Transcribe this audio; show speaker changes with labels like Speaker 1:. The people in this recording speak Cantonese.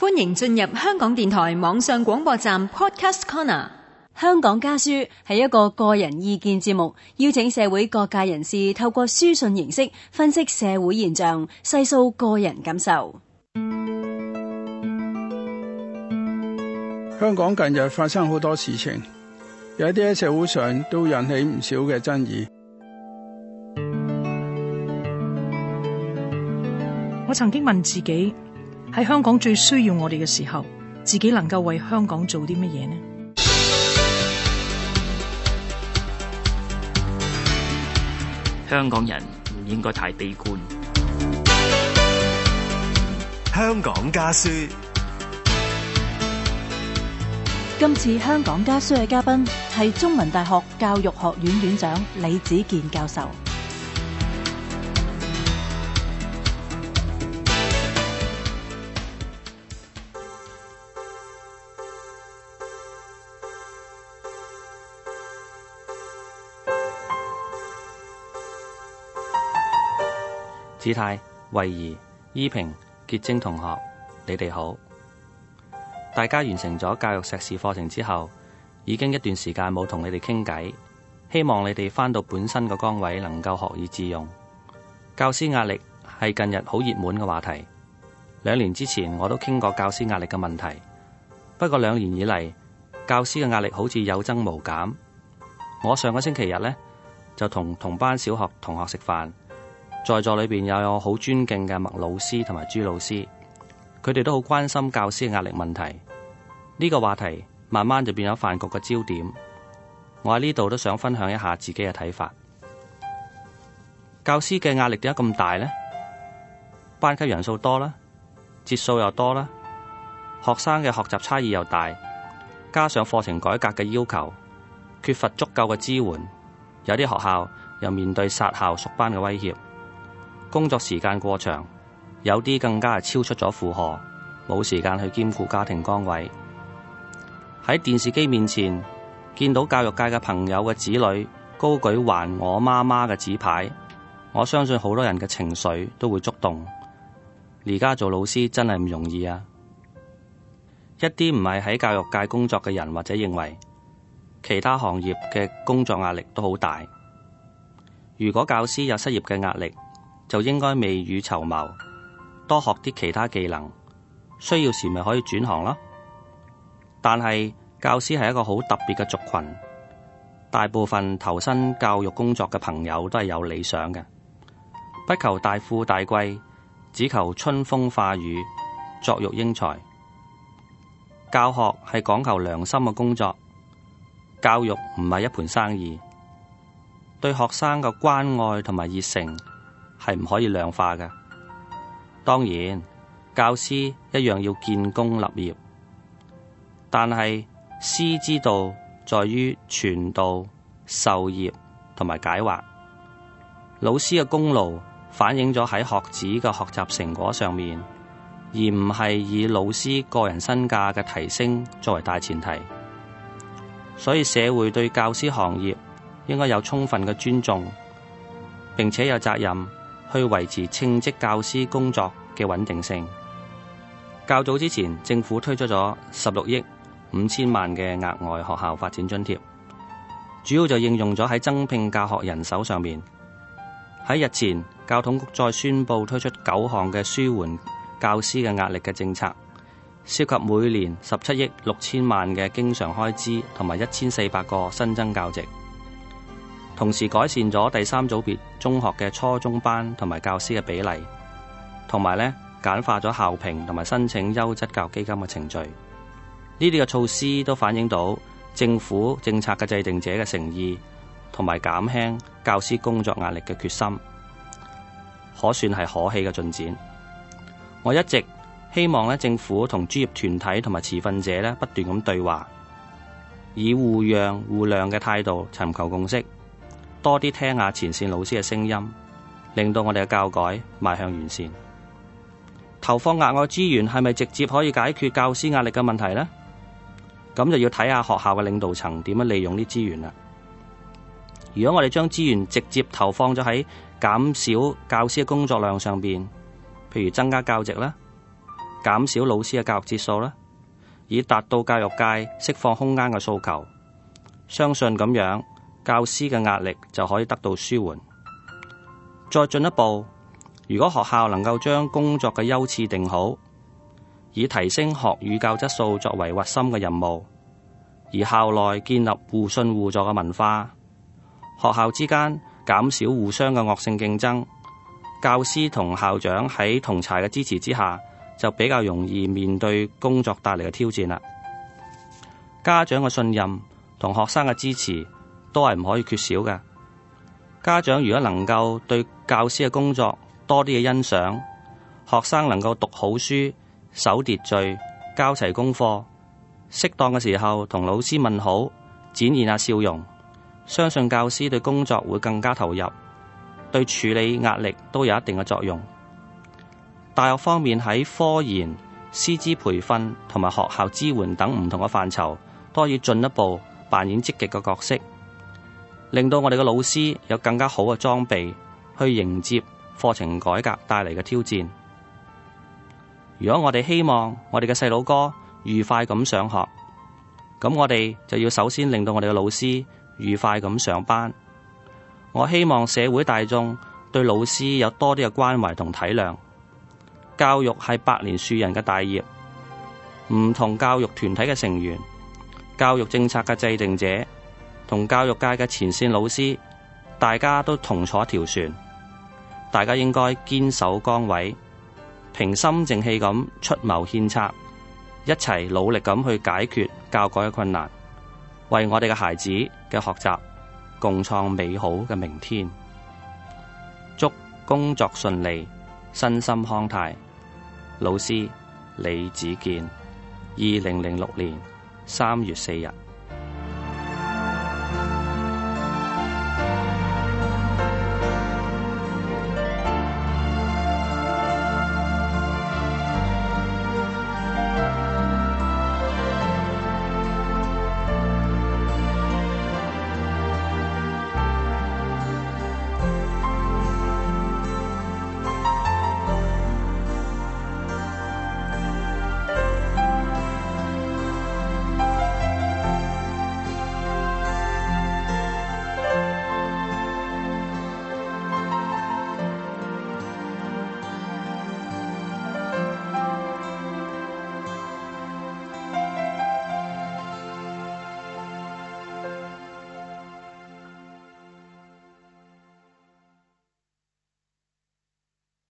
Speaker 1: 歡迎進入香港電台網上廣播站 Podcast Corner。香港家書係一個個人意見節目，邀請社會各界人士透過書信形式分析社會現象，細數個人感受。香港近日發生好多事情，有一啲喺社會上都引起唔少嘅爭議。我曾經問自己。喺香港最需要我哋嘅時候，自己能夠為香港做啲乜嘢呢？香港人唔應該太悲觀。香港家書，今次香港家書嘅嘉賓係中文大學教育學院院長李子建教授。子太、惠怡、依平、潔晶同學，你哋好！大家完成咗教育碩士課程之後，已經一段時間冇同你哋傾偈，希望你哋翻到本身個崗位能夠學以致用。教師壓力係近日好熱門嘅話題。兩年之前我都傾過教師壓力嘅問題，不過兩年以嚟，教師嘅壓力好似有增無減。我上個星期日呢，就同同班小學同學食飯。在座裏邊又有好尊敬嘅麥老師同埋朱老師，佢哋都好關心教師嘅壓力問題。呢個話題慢慢就變咗飯局嘅焦點。我喺呢度都想分享一下自己嘅睇法。教師嘅壓力點解咁大呢？班級人數多啦，節數又多啦，學生嘅學習差異又大，加上課程改革嘅要求，缺乏足夠嘅支援，有啲學校又面對殺校縮班嘅威脅。工作時間過長，有啲更加係超出咗負荷，冇時間去兼顧家庭崗位。喺電視機面前見到教育界嘅朋友嘅子女高舉還我媽媽嘅紙牌，我相信好多人嘅情緒都會觸動。而家做老師真係唔容易啊！一啲唔係喺教育界工作嘅人，或者認為其他行業嘅工作壓力都好大。如果教師有失業嘅壓力，就應該未雨綢繆，多學啲其他技能，需要時咪可以轉行啦。但係教師係一個好特別嘅族群，大部分投身教育工作嘅朋友都係有理想嘅，不求大富大貴，只求春風化雨，作育英才。教學係講求良心嘅工作，教育唔係一盤生意，對學生嘅關愛同埋熱誠。係唔可以量化嘅。當然，教師一樣要建功立業，但係師之道在於傳道、授業同埋解惑。老師嘅功勞反映咗喺學子嘅學習成果上面，而唔係以老師個人身價嘅提升作為大前提。所以社會對教師行業應該有充分嘅尊重，並且有責任。去維持稱職教師工作嘅穩定性。較早之前，政府推出咗十六億五千萬嘅額外學校發展津貼，主要就應用咗喺增聘教學人手上面。喺日前，教統局再宣布推出九項嘅舒緩教師嘅壓力嘅政策，涉及每年十七億六千萬嘅經常開支同埋一千四百個新增教職。同時改善咗第三組別中學嘅初中班同埋教師嘅比例，同埋咧簡化咗校評同埋申請優質教育基金嘅程序。呢啲嘅措施都反映到政府政策嘅制定者嘅誠意，同埋減輕教師工作壓力嘅決心，可算係可喜嘅進展。我一直希望咧，政府同專業團體同埋持份者咧不斷咁對話，以互讓互諒嘅態度尋求共識。多啲聽下前線老師嘅聲音，令到我哋嘅教改邁向完善。投放額外資源係咪直接可以解決教師壓力嘅問題呢？咁就要睇下學校嘅領導層點樣利用啲資源啦。如果我哋將資源直接投放咗喺減少教師嘅工作量上邊，譬如增加教職啦，減少老師嘅教育節數啦，以達到教育界釋放空間嘅訴求，相信咁樣。教師嘅壓力就可以得到舒緩。再進一步，如果學校能夠將工作嘅優次定好，以提升學與教質素作為核心嘅任務，而校內建立互信互助嘅文化，學校之間減少互相嘅惡性競爭，教師同校長喺同儕嘅支持之下，就比較容易面對工作帶嚟嘅挑戰啦。家長嘅信任同學生嘅支持都係唔可以缺少嘅。家長如果能夠對教師嘅工作多啲嘅欣賞，學生能夠讀好書、守秩序、交齊功課，適當嘅時候同老師問好，展現下笑容，相信教師對工作會更加投入，對處理壓力都有一定嘅作用。大學方面喺科研、師資培訓同埋學校支援等唔同嘅範疇，都可以進一步扮演積極嘅角色。令到我哋嘅老師有更加好嘅裝備去迎接課程改革帶嚟嘅挑戰。如果我哋希望我哋嘅細佬哥愉快咁上學，咁我哋就要首先令到我哋嘅老師愉快咁上班。我希望社會大眾對老師有多啲嘅關懷同體諒。教育係百年樹人嘅大業，唔同教育團體嘅成員、教育政策嘅制定者，同教育界嘅前線老師，大家都同坐一條船，大家應該堅守崗位，平心靜氣咁出謀獻策，一齊努力咁去解決教改嘅困難，為我哋嘅孩子嘅學習，共創美好嘅明天。祝工作順利，身心康泰。老師李子建，二零零六年三月四日。